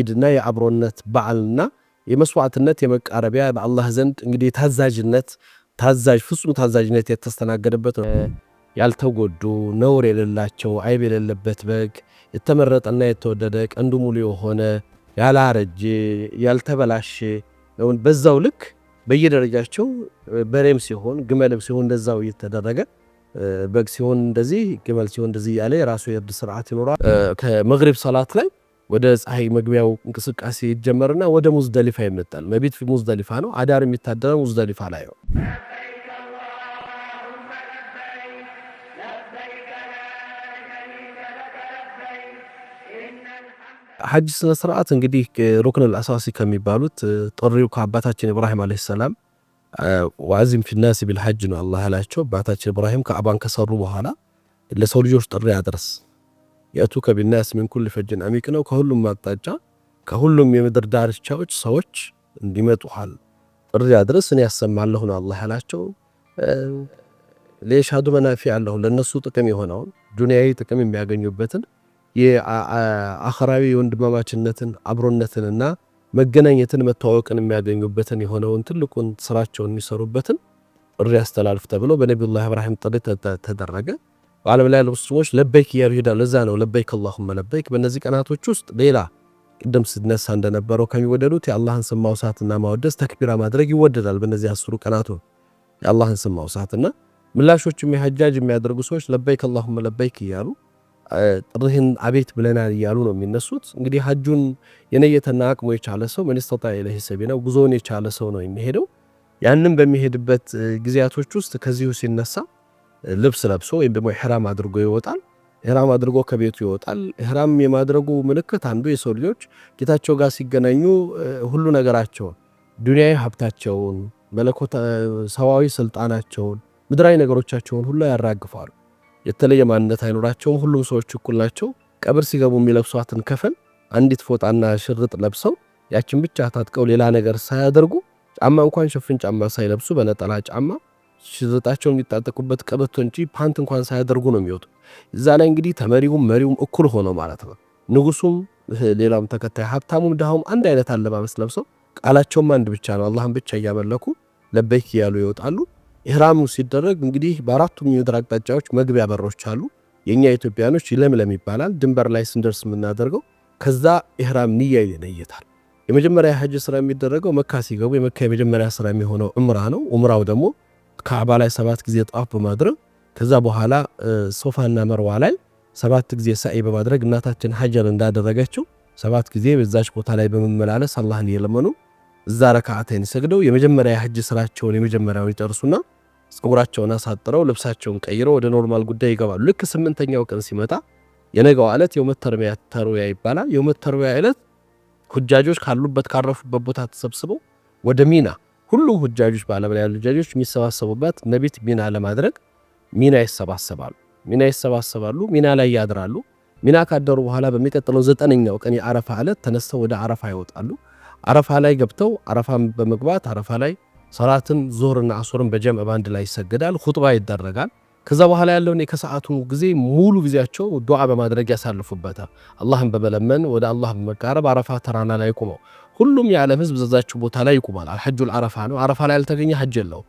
ኢድና የአብሮነት በዓልና የመስዋዕትነት የመቃረቢያ በአላህ ዘንድ እንግዲህ ታዛዥነት ታዛዥ ፍጹም ታዛዥነት የተስተናገደበት ነው። ያልተጎዱ ነውር የሌላቸው አይብ የሌለበት በግ የተመረጠና የተወደደ ቀንዱ ሙሉ የሆነ ያላረጀ ያልተበላሸ በዛው ልክ በየደረጃቸው በሬም ሲሆን ግመልም ሲሆን እንደዛው እየተደረገ በግ ሲሆን እንደዚህ ግመል ሲሆን እንደዚህ እያለ የራሱ የእርድ ስርዓት ይኖራል። ከመግሪብ ሰላት ላይ ወደ ፀሐይ መግቢያው እንቅስቃሴ ይጀመርና ወደ ሙዝደሊፋ ይመጣል። መቢት ሙዝደሊፋ ነው። አዳር የሚታደረው ሙዝደሊፋ ላይ ነው። ሐጅ ስነ ስርዓት እንግዲህ ሩክኑል አሳሲ ከሚባሉት ጥሪው ከአባታችን ኢብራሂም አለይሂ ሰላም ወአዚም ፊናሲ ቢልሐጅ ነው አላህ ያላቸው። አባታችን ኢብራሂም ከአባን ከሰሩ በኋላ ለሰው ልጆች ጥሪ አድርስ የእቱከ ቢናስ ምን ኩል ፈጅን አሚቅ ነው። ከሁሉም አቅጣጫ ከሁሉም የምድር ዳርቻዎች ሰዎች እንዲመጡሃል ጥሪ አድርስ እኔ ያሰማለሁ ነው አላህ ያላቸው። ለሻዱ መናፊ አለሁ ለነሱ ጥቅም የሆነውን ዱንያዊ ጥቅም የሚያገኙበትን የአኸራዊ ወንድማማችነትን አብሮነትንና መገናኘትን መተዋወቅን የሚያገኙበትን የሆነውን ትልቁን ስራቸውን የሚሰሩበትን ጥሪ ያስተላልፍ ተብሎ በነቢዩላህ ኢብራሂም ጥሪ ተደረገ። በዓለም ላይ ያሉ ሙስሊሞች ለበይክ እያሉ ይሄዳሉ። ለዛ ነው ለበይክ አላሁመ ለበይክ። በእነዚህ ቀናቶች ውስጥ ሌላ ቅድም ስነሳ እንደነበረው ከሚወደዱት የአላህን ስም ማውሳትና ማወደስ ተክቢራ ማድረግ ይወደዳል። በእነዚህ አስሩ ቀናቱ የአላህን ስም ማውሳትና ምላሾቹም የሐጃጅ የሚያደርጉ ሰዎች ለበይክ አላሁመ ለበይክ እያሉ ጥሪህን አቤት ብለናል እያሉ ነው የሚነሱት። እንግዲህ ሐጁን የነየተና አቅሙ የቻለ ሰው መንስተጣ ኢለይሂ ሰቢላ ጉዞውን የቻለ ሰው ነው የሚሄደው። ያንም በሚሄድበት ጊዜያቶች ውስጥ ከዚሁ ሲነሳ ልብስ ለብሶ ወይም ደግሞ ኢህራም አድርጎ ይወጣል። ኢህራም አድርጎ ከቤቱ ይወጣል። ኢህራም የማድረጉ ምልክት አንዱ የሰው ልጆች ጌታቸው ጋር ሲገናኙ ሁሉ ነገራቸውን ዱንያዊ ሀብታቸውን፣ መለኮት ሰዋዊ ስልጣናቸውን፣ ምድራዊ ነገሮቻቸውን ሁሉ ያራግፋሉ። የተለየ ማንነት አይኖራቸውም። ሁሉም ሰዎች እኩል ናቸው። ቀብር ሲገቡ የሚለብሷትን ከፈን አንዲት ፎጣና ሽርጥ ለብሰው ያችን ብቻ ታጥቀው ሌላ ነገር ሳያደርጉ ጫማ እንኳን ሽፍን ጫማ ሳይለብሱ በነጠላ ጫማ ሽዘጣቸው የሚጣጠቁበት ቀበቶ እንጂ ፓንት እንኳን ሳያደርጉ ነው የሚወጡ። እዛ ላይ እንግዲህ ተመሪውም መሪውም እኩል ሆነው ማለት ነው። ንጉሱም፣ ሌላውም ተከታይ፣ ሀብታሙም ድሃውም አንድ አይነት አለባበስ ለብሰው ቃላቸውም አንድ ብቻ ነው፣ አላህን ብቻ እያመለኩ ለበይክ እያሉ ይወጣሉ። ኢህራሙ ሲደረግ እንግዲህ በአራቱም የምድር አቅጣጫዎች መግቢያ በሮች አሉ። የእኛ ኢትዮጵያኖች ለምለም ይባላል። ድንበር ላይ ስንደርስ የምናደርገው ከዛ ኢህራም ንያ ይለየታል። የመጀመሪያ ሀጅ ስራ የሚደረገው መካ ሲገቡ የመካ የመጀመሪያ ስራ የሚሆነው እምራ ነው። እምራው ደግሞ ካዕባ ላይ ሰባት ጊዜ ጣፍ በማድረግ ከዛ በኋላ ሶፋና መርዋ ላይ ሰባት ጊዜ ሳኢ በማድረግ እናታችን ሀጀር እንዳደረገችው ሰባት ጊዜ በዛች ቦታ ላይ በመመላለስ አላህን የለመኑ እዛ ረካዓተይን ሰግደው የመጀመሪያ የሐጅ ስራቸውን የመጀመሪያውን ይጨርሱና ፀጉራቸውን አሳጥረው ልብሳቸውን ቀይረው ወደ ኖርማል ጉዳይ ይገባሉ። ልክ ስምንተኛው ቀን ሲመጣ የነገው ዕለት የውመት ተርቢያ ተርዊያ ይባላል። የውመት ተርቢያ ዕለት ሁጃጆች ካሉበት ካረፉበት ቦታ ተሰብስበው ወደ ሚና ሁሉ ሁጃጆች በዓለም ላይ ያሉ ሁጃጆች የሚሰባሰቡበት መቢት ሚና ለማድረግ ሚና ይሰባሰባሉ። ሚና ይሰባሰባሉ። ሚና ላይ ያድራሉ። ሚና ካደሩ በኋላ በሚቀጥለው ዘጠነኛው ቀን የአረፋ ዕለት ተነስተው ወደ አረፋ ይወጣሉ። አረፋ ላይ ገብተው አረፋን በመግባት አረፋ ላይ ሰላትን ዞርና አሶርን በጀምዕ ባንድ ላይ ይሰግዳል። ሁጥባ ይደረጋል። ከዛ በኋላ ያለውን የከሰዓቱ ጊዜ ሙሉ ጊዜያቸው ዱዓ በማድረግ ያሳልፉበታል። አላህን በመለመን ወደ አላህ በመቃረብ አረፋ ተራራ ላይ ቁመው። ሁሉም የዓለም ህዝብ ዘዛችሁ ቦታ ላይ ይቁማል። አልሐጁል አረፋ ነው። አረፋ ላይ ያልተገኘ ሐጅ የለው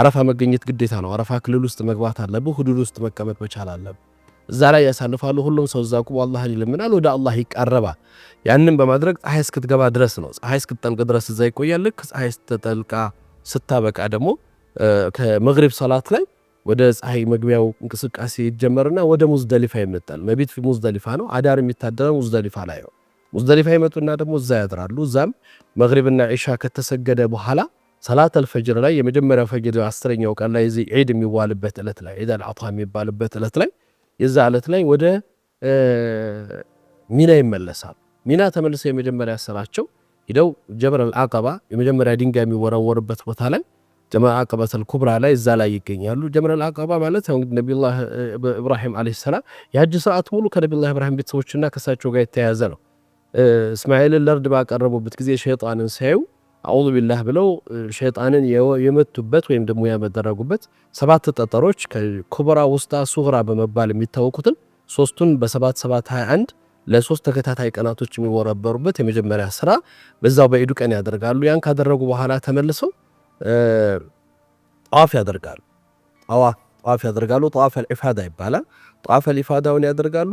አረፋ መገኘት ግዴታ ነው። አረፋ ክልል ውስጥ መግባት አለብ። ሁዱድ ውስጥ መቀመጥ መቻል አለብ። እዛ ላይ ያሳልፋሉ። ሁሉም ሰው እዛ ቁሞ አላህን ይለምናል፣ ወደ አላህ ይቃረባል። ያንን በማድረግ ፀሐይ እስክትገባ ድረስ ነው። ፀሐይ እስክትጠልቅ ድረስ እዛ ይቆያል። ልክ ፀሐይ ስትጠልቃ ስታበቃ ደግሞ ከመግሪብ ሰላት ላይ ወደ ፀሐይ መግቢያው እንቅስቃሴ ይጀመርና ወደ ሙዝደሊፋ ይመጣል። መቢት ሙዝደሊፋ ነው። አዳር የሚታደረ ሙዝደሊፋ ላይ ነው። ሙዝደሊፋ ይመጡና ደግሞ እዛ ያድራሉ። እዛም መግሪብና ዒሻ ከተሰገደ በኋላ ሰላት አልፈጅር ላይ የመጀመሪያው ፈጅር አስረኛው ቀን ላይ ዚ ዒድ የሚዋልበት ዕለት ላይ ዒድ አልአጣ የሚባልበት ዕለት ላይ የዛ ዕለት ላይ ወደ ሚና ይመለሳሉ። ሚና ተመልሰው የመጀመሪያ ስራቸው ሂደው ጀበል አቀባ የመጀመሪያ ድንጋይ የሚወረወርበት ቦታ ላይ ጀመል አቀበተል ኩብራ ላይ እዛ ላይ ይገኛሉ። ጀመል አቀባ ማለት ያው እንግዲህ ነቢዩላህ ኢብራሂም ዓለይሂ ሰላም የሐጅ ሰዓት ሙሉ ከነቢዩላህ ኢብራሂም ቤተሰቦችና ከሳቸው ጋር የተያያዘ ነው። እስማኤልን ለእርድ ባቀረቡበት ጊዜ ሸይጣንን ሲያዩ አዑዙ ቢላህ ብለው ሸይጣንን የመቱበት ወይም ደግሞ ያመደረጉበት ሰባት ጠጠሮች ከኩብራ ውስጣ ሱግራ በመባል የሚታወቁትን ሶስቱን በሰባት ሰባት 21 ለሶስት ተከታታይ ቀናቶች የሚወረበሩበት የመጀመሪያ ስራ በዛው በኢዱ ቀን ያደርጋሉ። ያን ካደረጉ በኋላ ተመልሰው ጠዋፍ ያደርጋሉ። ጠዋፍ ያደርጋሉ። ጠዋፍ አልኢፋዳ ይባላል። ጠዋፍ አልኢፋዳውን ያደርጋሉ።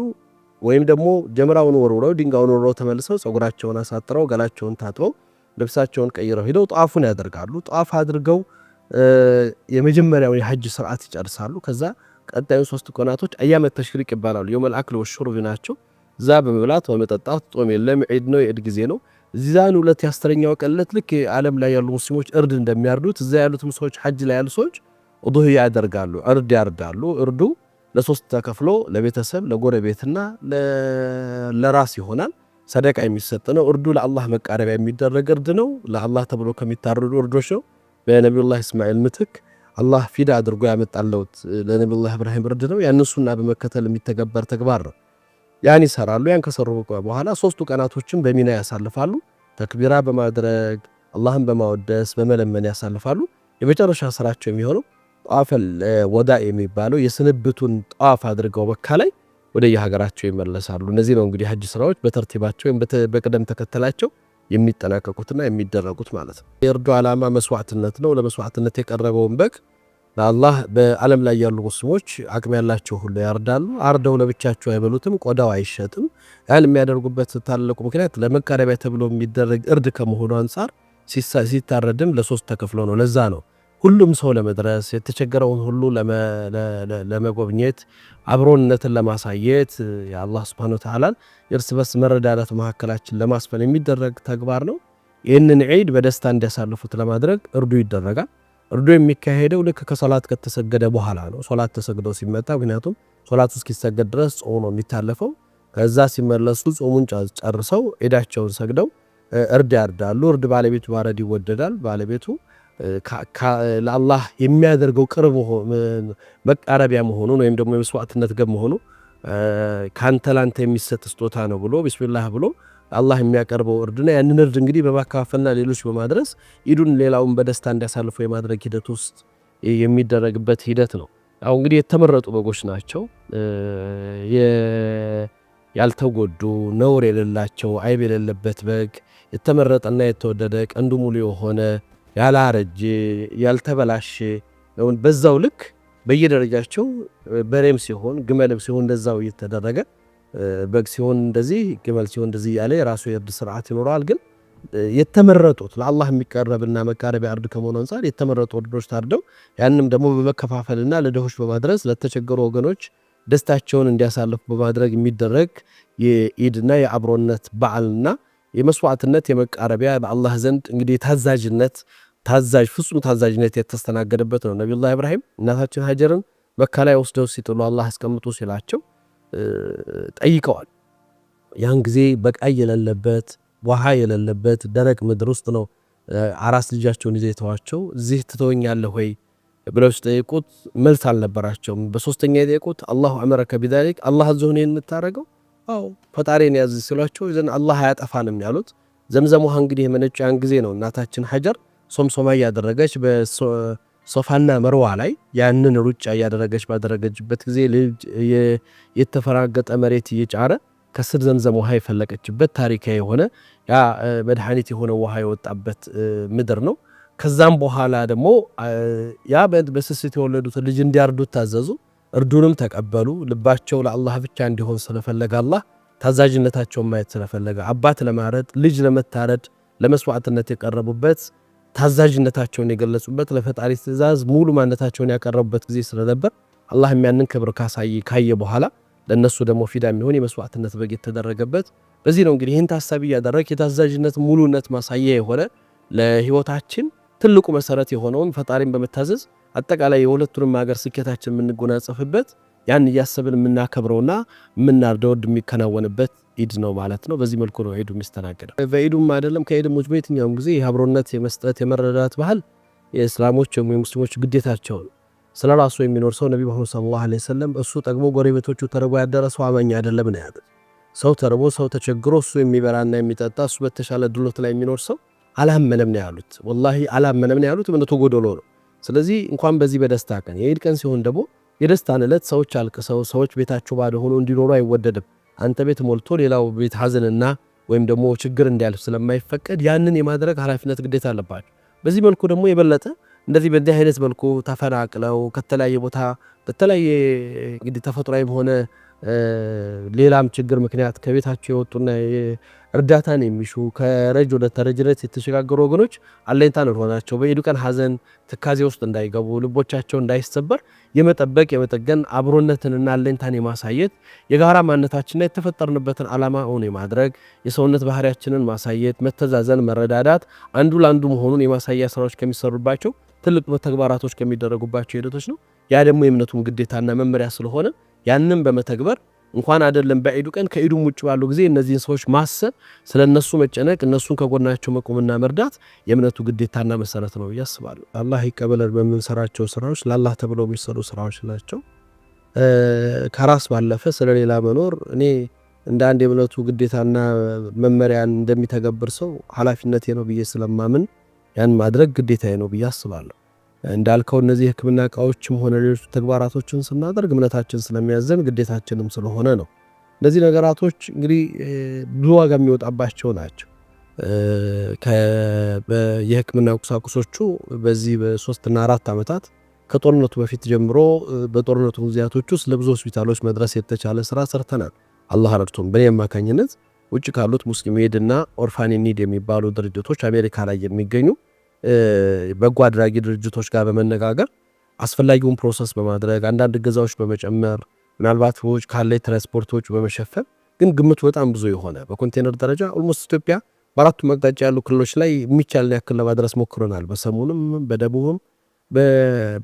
ወይም ደግሞ ጀምራውን ወርውረው ድንጋውን ወርውረው ተመልሰው ጸጉራቸውን አሳጥረው ገላቸውን ታጥበው ልብሳቸውን ቀይረው ሄደው ጧፉን ያደርጋሉ። ጧፍ አድርገው የመጀመሪያውን የሐጅ ስርዓት ይጨርሳሉ። ከዛ ቀጣዩን ሶስት ቀናቶች አያመት ተሽሪቅ ይባላሉ። የውመል አክል ወሹርብ ናቸው። እዛ በመብላት በመጠጣት ጾም የለም። ዒድ ነው፣ የዒድ ጊዜ ነው። እዚዛን ሁለት የአስረኛው ቀለት ልክ ዓለም ላይ ያሉ ሙስሊሞች እርድ እንደሚያርዱት እዛ ያሉትም ሰዎች ሐጅ ላይ ያሉ ሰዎች ዱህ ያደርጋሉ፣ እርድ ያርዳሉ። እርዱ ለሶስት ተከፍሎ ለቤተሰብ ለጎረቤትና ለራስ ይሆናል። ሰደቃ የሚሰጥ ነው። እርዱ ለአላህ መቃረቢያ የሚደረግ እርድ ነው። ለአላህ ተብሎ ከሚታረዱ እርዶች ነው። በነቢዩላህ እስማኤል ምትክ አላህ ፊዳ አድርጎ ያመጣለውት ለነቢዩላህ ኢብራሂም እርድ ነው። ያንን በመከተል የሚተገበር ተግባር ነው። ያን ይሰራሉ። ያን ከሰሩ በኋላ ሶስቱ ቀናቶችን በሚና ያሳልፋሉ። ተክቢራ በማድረግ አላህን በማወደስ በመለመን ያሳልፋሉ። የመጨረሻ ስራቸው የሚሆነው ጧፈል ወዳ የሚባለው የስንብቱን ጧፍ አድርገው መካ ላይ ወደ የሀገራቸው ይመለሳሉ። እነዚህ ነው እንግዲህ ሀጅ ስራዎች በተርቲባቸው ወይም በቅደም ተከተላቸው የሚጠናቀቁትና የሚደረጉት ማለት ነው። የእርዱ ዓላማ መስዋዕትነት ነው። ለመስዋዕትነት የቀረበውን በግ ለአላህ በዓለም ላይ ያሉ ሙስሊሞች አቅም ያላቸው ሁሉ ያርዳሉ። አርደው ለብቻቸው አይበሉትም፣ ቆዳው አይሸጥም። ያህል የሚያደርጉበት ታላቁ ምክንያት ለመቃረቢያ ተብሎ የሚደረግ እርድ ከመሆኑ አንጻር ሲታረድም ለሶስት ተከፍሎ ነው። ለዛ ነው ሁሉም ሰው ለመድረስ የተቸገረውን ሁሉ ለመጎብኘት አብሮነትን ለማሳየት የአላህ ስብሃነ ወተዓላን እርስ በርስ መረዳዳት መካከላችን ለማስፈን የሚደረግ ተግባር ነው። ይህንን ዒድ በደስታ እንዲያሳልፉት ለማድረግ እርዱ ይደረጋል። እርዱ የሚካሄደው ልክ ከሶላት ከተሰገደ በኋላ ነው። ሶላት ተሰግዶ ሲመጣ፣ ምክንያቱም ሶላቱ እስኪሰገድ ድረስ ጾሙ ነው የሚታለፈው። ከዛ ሲመለሱ ጾሙን ጨርሰው ዒዳቸውን ሰግደው እርድ ያርዳሉ። እርድ ባለቤቱ ማረድ ይወደዳል። ባለቤቱ ለአላህ የሚያደርገው ቅርብ መቃረቢያ መሆኑን ወይም ደግሞ የመስዋዕትነት ገብ መሆኑ ከአንተ ላንተ የሚሰጥ ስጦታ ነው ብሎ ቢስሚላህ ብሎ አላህ የሚያቀርበው እርድና ያንን እርድ እንግዲህ በማካፈልና ሌሎች በማድረስ ኢዱን ሌላውን በደስታ እንዲያሳልፈው የማድረግ ሂደት ውስጥ የሚደረግበት ሂደት ነው። አሁ እንግዲህ የተመረጡ በጎች ናቸው። ያልተጎዱ ነውር የሌላቸው አይብ የሌለበት በግ የተመረጠና የተወደደ ቀንዱ ሙሉ የሆነ ያላረጀ ያልተበላሸ በዛው ልክ በየደረጃቸው በሬም ሲሆን ግመልም ሲሆን እንደዛው እየተደረገ በግ ሲሆን እንደዚህ ግመል ሲሆን እንደዚህ እያለ የራሱ የእርድ ስርዓት ይኖረዋል። ግን የተመረጡት ለአላህ የሚቀረብና መቃረቢያ እርድ ከመሆኑ አንጻር የተመረጡ እርዶች ታርደው ያንም ደግሞ በመከፋፈልና ለድሆች በማድረስ ለተቸገሩ ወገኖች ደስታቸውን እንዲያሳልፉ በማድረግ የሚደረግ የኢድና የአብሮነት በዓልና የመስዋዕትነት የመቃረቢያ በአላህ ዘንድ እንግዲህ ታዛዥነት ታዛዥ ፍጹም ታዛዥነት የተስተናገደበት ነው። ነቢዩላህ ኢብራሂም እናታችን ሀጀርን መካ ላይ ወስደው ሲጥሉ አላህ አስቀምጡ ሲላቸው ጠይቀዋል። ያን ጊዜ በቃይ የሌለበት ውሃ የሌለበት ደረቅ ምድር ውስጥ ነው አራስ ልጃቸውን ይዘው የተዋቸው። እዚህ ትተወኛለህ ወይ ብለው ሲጠይቁት መልስ አልነበራቸውም። በሶስተኛ የጠየቁት አላሁ አመረከ ቢዛሊክ አላህ ዝሆን የምታደረገው ፈጣሪን ያዝ ሲሏቸው ዘን አላህ አያጠፋንም ያሉት። ዘምዘም ውሃ እንግዲህ የመነጨው ያን ጊዜ ነው። እናታችን ሀጀር ሶምሶማ እያደረገች በሶፋና መርዋ ላይ ያንን ሩጫ እያደረገች ባደረገችበት ጊዜ ልጅ የተፈራገጠ መሬት እየጫረ ከስር ዘምዘም ውሃ የፈለቀችበት ታሪካዊ የሆነ ያ መድኃኒት የሆነ ውሃ የወጣበት ምድር ነው። ከዛም በኋላ ደግሞ ያ በስስት የተወለዱት ልጅ እንዲያርዱት ታዘዙ። እርዱንም ተቀበሉ። ልባቸው ለአላህ ብቻ እንዲሆን ስለፈለገ አላህ ታዛዥነታቸውን ማየት ስለፈለገ አባት ለማረድ ልጅ ለመታረድ ለመስዋዕትነት የቀረቡበት ታዛዥነታቸውን የገለጹበት ለፈጣሪ ትእዛዝ ሙሉ ማነታቸውን ያቀረቡበት ጊዜ ስለነበር አላህ ያንን ክብር ካሳይ ካየ በኋላ ለእነሱ ደግሞ ፊዳ የሚሆን የመስዋዕትነት በግ የተደረገበት በዚህ ነው። እንግዲህ ይህን ታሳቢ እያደረግ የታዛዥነት ሙሉነት ማሳያ የሆነ ለህይወታችን ትልቁ መሰረት የሆነውን ፈጣሪን በመታዘዝ አጠቃላይ የሁለቱንም ሀገር ስኬታችን የምንጎናጸፍበት ያን እያሰብን የምናከብረውና የምናርደው የሚከናወንበት ኢድ ነው ማለት ነው። በዚህ መልኩ ነው ኢዱ የሚስተናገደው። በኢዱም አይደለም ከኢድም ውጭ በየትኛውም ጊዜ የአብሮነት የመስጠት የመረዳት ባህል የእስላሞች የሙስሊሞች ነው። ስለ ራሱ የሚኖር ሰው ነቢ መሐመድ ሰለላሁ ዐለይሂ ወሰለም እሱ ጠግቦ ጎረቤቶቹ ተርቦ ያደረ ሰው አማኝ አይደለም ነው ያሉት። ሰው ተርቦ ሰው ተቸግሮ እሱ የሚበላና የሚጠጣ እሱ በተሻለ ድሎት ላይ የሚኖር ሰው አላመነም ነው ያሉት። ወላሂ አላመነም ነው ያሉት። እምነቱ ጎደሎ ነው። ስለዚህ እንኳን በዚህ በደስታ ቀን የኢድ ቀን ሲሆን ደግሞ የደስታን ዕለት ሰዎች አልቅሰው ሰዎች ቤታቸው ባዶ ሆኖ እንዲኖሩ አይወደድም። አንተ ቤት ሞልቶ ሌላው ቤት ሀዘንና ወይም ደግሞ ችግር እንዲያልፍ ስለማይፈቀድ ያንን የማድረግ ኃላፊነት ግዴታ አለባቸው። በዚህ መልኩ ደግሞ የበለጠ እንደዚህ በዚህ አይነት መልኩ ተፈናቅለው ከተለያየ ቦታ በተለያየ እንግዲህ ተፈጥሯዊ በሆነ ሌላም ችግር ምክንያት ከቤታቸው የወጡና እርዳታን የሚሹ ከረጅ ወደ ተረጅነት የተሸጋገሩ ወገኖች አለኝታ እንሆናቸው። በሄዱ ቀን ሀዘን ትካዜ ውስጥ እንዳይገቡ ልቦቻቸው እንዳይሰበር የመጠበቅ የመጠገን አብሮነትንና አለኝታን የማሳየት የጋራ ማንነታችንና የተፈጠርንበትን ዓላማ እውን የማድረግ የሰውነት ባህሪያችንን ማሳየት መተዛዘን፣ መረዳዳት አንዱ ለአንዱ መሆኑን የማሳያ ስራዎች ከሚሰሩባቸው ትልቅ ተግባራቶች ከሚደረጉባቸው ሂደቶች ነው። ያ ደግሞ የእምነቱም ግዴታና መመሪያ ስለሆነ ያንን በመተግበር እንኳን አይደለም በዒዱ ቀን ከዒዱም ውጭ ባሉ ጊዜ እነዚህን ሰዎች ማሰብ፣ ስለ እነሱ መጨነቅ፣ እነሱን ከጎናቸው መቆምና መርዳት የእምነቱ ግዴታና መሰረት ነው ብዬ አስባለሁ። አላህ ይቀበለን። በምንሰራቸው ስራዎች ለአላህ ተብለው የሚሰሩ ስራዎች ናቸው። ከራስ ባለፈ ስለሌላ መኖር እኔ እንደ አንድ የእምነቱ ግዴታና መመሪያን እንደሚተገብር ሰው ኃላፊነቴ ነው ብዬ ስለማምን ያን ማድረግ ግዴታዬ ነው ብዬ አስባለሁ። እንዳልከው እነዚህ የህክምና እቃዎችም ሆነ ሌሎች ተግባራቶችን ስናደርግ እምነታችን ስለሚያዘን ግዴታችንም ስለሆነ ነው። እነዚህ ነገራቶች እንግዲህ ብዙ ዋጋ የሚወጣባቸው ናቸው። የህክምና ቁሳቁሶቹ በዚህ በሶስትና አራት ዓመታት ከጦርነቱ በፊት ጀምሮ በጦርነቱ ጊዜያቶች ውስጥ ለብዙ ሆስፒታሎች መድረስ የተቻለ ስራ ሰርተናል። አላህ ረድቶን በእኔ አማካኝነት ውጭ ካሉት ሙስሊም ኤድ እና ኦርፋን ኒድ የሚባሉ ድርጅቶች አሜሪካ ላይ የሚገኙ በጎ አድራጊ ድርጅቶች ጋር በመነጋገር አስፈላጊውን ፕሮሰስ በማድረግ አንዳንድ ገዛዎች በመጨመር ምናልባት ወጪ ካለ ትራንስፖርቶች በመሸፈን ግን ግምቱ በጣም ብዙ የሆነ በኮንቴነር ደረጃ ኦልሞስት ኢትዮጵያ በአራቱ መቅጣጫ ያሉ ክልሎች ላይ የሚቻልን ያክል ለማድረስ ሞክረናል። በሰሙንም በደቡብም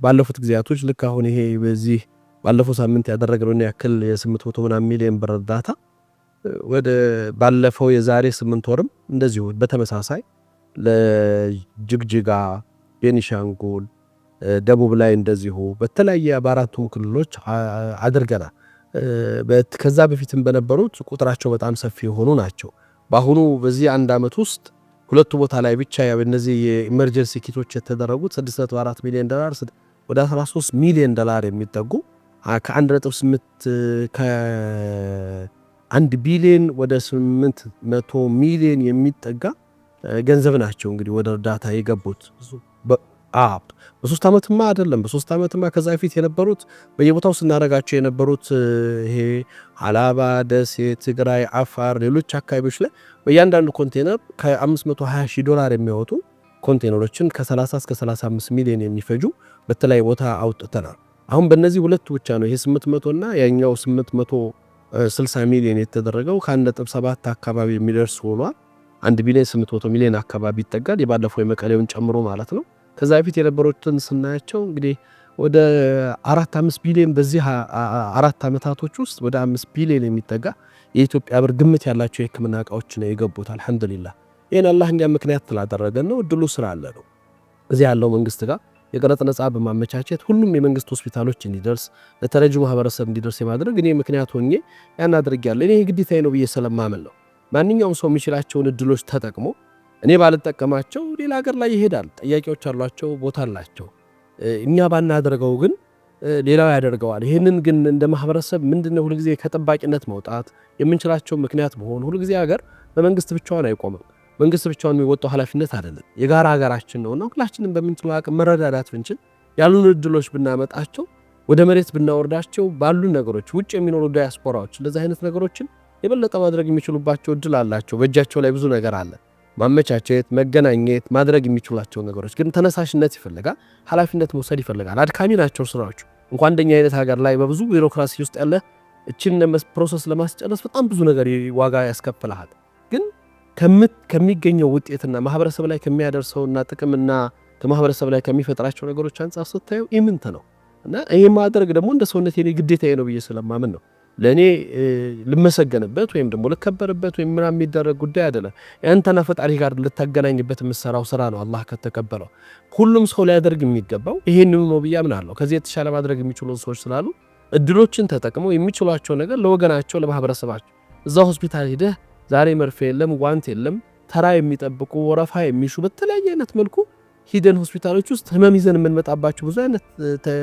ባለፉት ጊዜያቶች ልክ አሁን ይሄ በዚህ ባለፈው ሳምንት ያደረግነውን ያክል የ800 ምናምን ሚሊዮን ብር እርዳታ ወደ ባለፈው የዛሬ ስምንት ወርም እንደዚሁ በተመሳሳይ ለጅግጅጋ፣ ቤኒሻንጉል ደቡብ ላይ እንደዚሁ በተለያየ በአራቱ ክልሎች አድርገናል። ከዛ በፊትም በነበሩት ቁጥራቸው በጣም ሰፊ የሆኑ ናቸው። በአሁኑ በዚህ አንድ ዓመት ውስጥ ሁለቱ ቦታ ላይ ብቻ እነዚህ የኢመርጀንሲ ኪቶች የተደረጉት 64 ሚሊዮን ዶላር ወደ 13 ሚሊዮን ዶላር የሚጠጉ ከ1.8 ከአንድ ቢሊዮን ወደ 800 ሚሊዮን የሚጠጋ ገንዘብ ናቸው እንግዲህ ወደ እርዳታ የገቡት። በሶስት ዓመትማ አይደለም በሶስት ዓመትማ ከዛ በፊት የነበሩት በየቦታው ስናደርጋቸው የነበሩት ይሄ አላባ፣ ደሴ፣ ትግራይ፣ አፋር፣ ሌሎች አካባቢዎች ላይ በእያንዳንዱ ኮንቴነር ከ520 ዶላር የሚያወጡ ኮንቴነሮችን ከ30 እስከ 35 ሚሊዮን የሚፈጁ በተለያየ ቦታ አውጥተናል። አሁን በእነዚህ ሁለቱ ብቻ ነው ይሄ 800 እና ያኛው 860 ሚሊዮን የተደረገው ከ1.7 አካባቢ የሚደርስ ሆኗል። አንድ ቢሊዮን 800 ሚሊዮን አካባቢ ይጠጋል። የባለፈው የመቀሌውን ጨምሮ ማለት ነው። ከዛ በፊት የነበሩትን ስናያቸው እንግዲህ ወደ 4 5 ቢሊዮን በዚህ አራት ዓመታቶች ውስጥ ወደ 5 ቢሊዮን የሚጠጋ የኢትዮጵያ ብር ግምት ያላቸው የሕክምና እቃዎች ነው የገቡት። አልሐምዱሊላ ይህን አላህ እንዲያ ምክንያት ስላደረገን ነው። እድሉ ስራ አለ ነው እዚህ ያለው መንግስት ጋር የቀረጥ ነጻ በማመቻቸት ሁሉም የመንግስት ሆስፒታሎች እንዲደርስ ለተረጅ ማህበረሰብ እንዲደርስ የማድረግ እኔ ምክንያት ሆኜ ያን ያለ እኔ ግዴታዬ ነው ብዬ ስለማመን ነው። ማንኛውም ሰው የሚችላቸውን እድሎች ተጠቅሞ እኔ ባልጠቀማቸው ሌላ ሀገር ላይ ይሄዳል። ጥያቄዎች አሏቸው፣ ቦታ አላቸው። እኛ ባናደርገው ግን ሌላው ያደርገዋል። ይህንን ግን እንደ ማህበረሰብ ምንድነው ሁልጊዜ ከጠባቂነት መውጣት የምንችላቸው ምክንያት መሆን። ሁልጊዜ ሀገር በመንግስት ብቻዋን አይቆምም። መንግስት ብቻውን የሚወጣው ኃላፊነት አይደለም። የጋራ ሀገራችን ነውና ሁላችንም በምንችለው አቅም መረዳዳት ብንችል ያሉን እድሎች ብናመጣቸው ወደ መሬት ብናወርዳቸው ባሉ ነገሮች ውጭ የሚኖሩ ዳያስፖራዎች እንደዚህ አይነት ነገሮችን የበለጠ ማድረግ የሚችሉባቸው እድል አላቸው። በእጃቸው ላይ ብዙ ነገር አለ። ማመቻቸት፣ መገናኘት፣ ማድረግ የሚችሏቸው ነገሮች ግን ተነሳሽነት ይፈልጋል። ኃላፊነት መውሰድ ይፈልጋል። አድካሚ ናቸው ስራዎች። እንኳ እንደኛ አይነት ሀገር ላይ በብዙ ቢሮክራሲ ውስጥ ያለ እችን ፕሮሰስ ለማስጨረስ በጣም ብዙ ነገር ዋጋ ያስከፍልሃል። ግን ከሚገኘው ውጤትና ማህበረሰብ ላይ ከሚያደርሰውና ጥቅምና ከማህበረሰብ ላይ ከሚፈጥራቸው ነገሮች አንጻር ስታየው ኢምንት ነው እና ይህ ማድረግ ደግሞ እንደ ሰውነት የኔ ግዴታዬ ነው ብዬ ስለማምን ነው ለእኔ ልመሰገንበት ወይም ደግሞ ልከበርበት ወይም ምናምን የሚደረግ ጉዳይ አይደለም። አንተና ፈጣሪ ጋር ልታገናኝበት የምሰራው ስራ ነው። አላህ ከተቀበለው ሁሉም ሰው ሊያደርግ የሚገባው ይህንኑ ነው ብዬ አምናለሁ። ከዚህ የተሻለ ማድረግ የሚችሉ ሰዎች ስላሉ እድሎችን ተጠቅመው የሚችሏቸው ነገር ለወገናቸው፣ ለማህበረሰባቸው እዛ ሆስፒታል ሂደህ ዛሬ መርፌ የለም ጓንት የለም ተራ የሚጠብቁ ወረፋ የሚሹ በተለያየ አይነት መልኩ ሂደን ሆስፒታሎች ውስጥ ህመም ይዘን የምንመጣባቸው ብዙ አይነት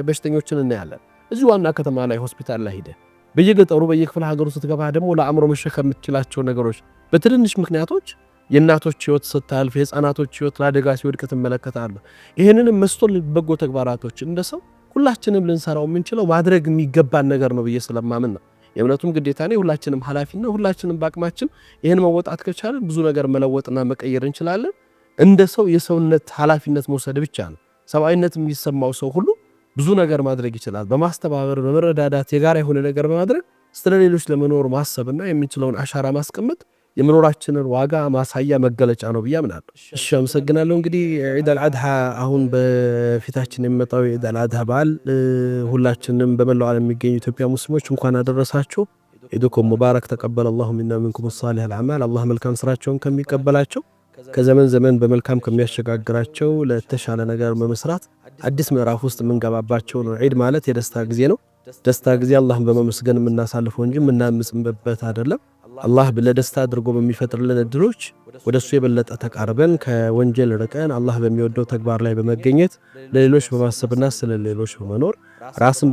በሽተኞችን እናያለን። እዚህ ዋና ከተማ ላይ ሆስፒታል ላይ ሂደን በየገጠሩ በየክፍለ ሀገሩ ስትገባ ደግሞ ለአእምሮ መሸ ከምትችላቸው ነገሮች በትንንሽ ምክንያቶች የእናቶች ህይወት ስታልፍ የህፃናቶች ህይወት ለአደጋ ሲወድቅ ትመለከታለህ። ይህንንም መስቶ በጎ ተግባራቶች እንደ ሰው ሁላችንም ልንሰራው የምንችለው ማድረግ የሚገባን ነገር ነው ብዬ ስለማምን ነው። የእምነቱም ግዴታ ነው። ሁላችንም ኃላፊና ሁላችንም በአቅማችን ይህን መወጣት ከቻለን ብዙ ነገር መለወጥና መቀየር እንችላለን። እንደ ሰው የሰውነት ኃላፊነት መውሰድ ብቻ ነው። ሰብአዊነት የሚሰማው ሰው ሁሉ ብዙ ነገር ማድረግ ይችላል። በማስተባበር በመረዳዳት የጋራ የሆነ ነገር በማድረግ ስለ ሌሎች ለመኖር ማሰብና የምንችለውን አሻራ ማስቀመጥ የመኖራችንን ዋጋ ማሳያ መገለጫ ነው ብዬ አምናለሁ። እሺ፣ አመሰግናለሁ። እንግዲህ ዒድ አልአድሃ አሁን በፊታችን የሚመጣው የዒድ አልአድሃ በዓል ሁላችንም በመላው ዓለም የሚገኙ ኢትዮጵያ ሙስሊሞች እንኳን አደረሳችሁ። ዒድኩም ሙባረክ ተቀበለ አላሁ ሚና ሚንኩም ሳሊህ አልአማል። አላህ መልካም ስራቸውን ከሚቀበላቸው ከዘመን ዘመን በመልካም ከሚያሸጋግራቸው ለተሻለ ነገር በመስራት አዲስ ምዕራፍ ውስጥ የምንገባባቸው ነው። ዒድ ማለት የደስታ ጊዜ ነው። ደስታ ጊዜ አላህን በመመስገን የምናሳልፈው እንጂ የምናምጽበት አይደለም። አላህ ለደስታ አድርጎ በሚፈጥርልን እድሎች ወደሱ የበለጠ ተቃርበን ከወንጀል ርቀን አላህ በሚወደው ተግባር ላይ በመገኘት ለሌሎች በማሰብና ስለ ሌሎች በመኖር ራስን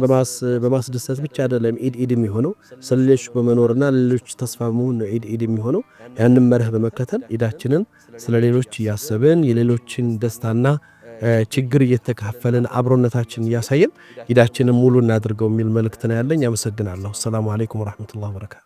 በማስደሰት ብቻ አይደለም ኢድ ኢድ የሚሆነው ስለሌሎች በመኖርና ለሌሎች ተስፋ መሆን ነው ኢድ ኢድ የሚሆነው። ያንን መርህ በመከተል ኢዳችንን ስለሌሎች እያሰብን የሌሎችን ደስታና ችግር እየተካፈልን አብሮነታችን እያሳየን ኢዳችንን ሙሉ እናድርገው የሚል መልእክት ነው ያለኝ። አመሰግናለሁ። አሰላሙ አለይኩም ወረሕመቱላሂ ወበረካቱ።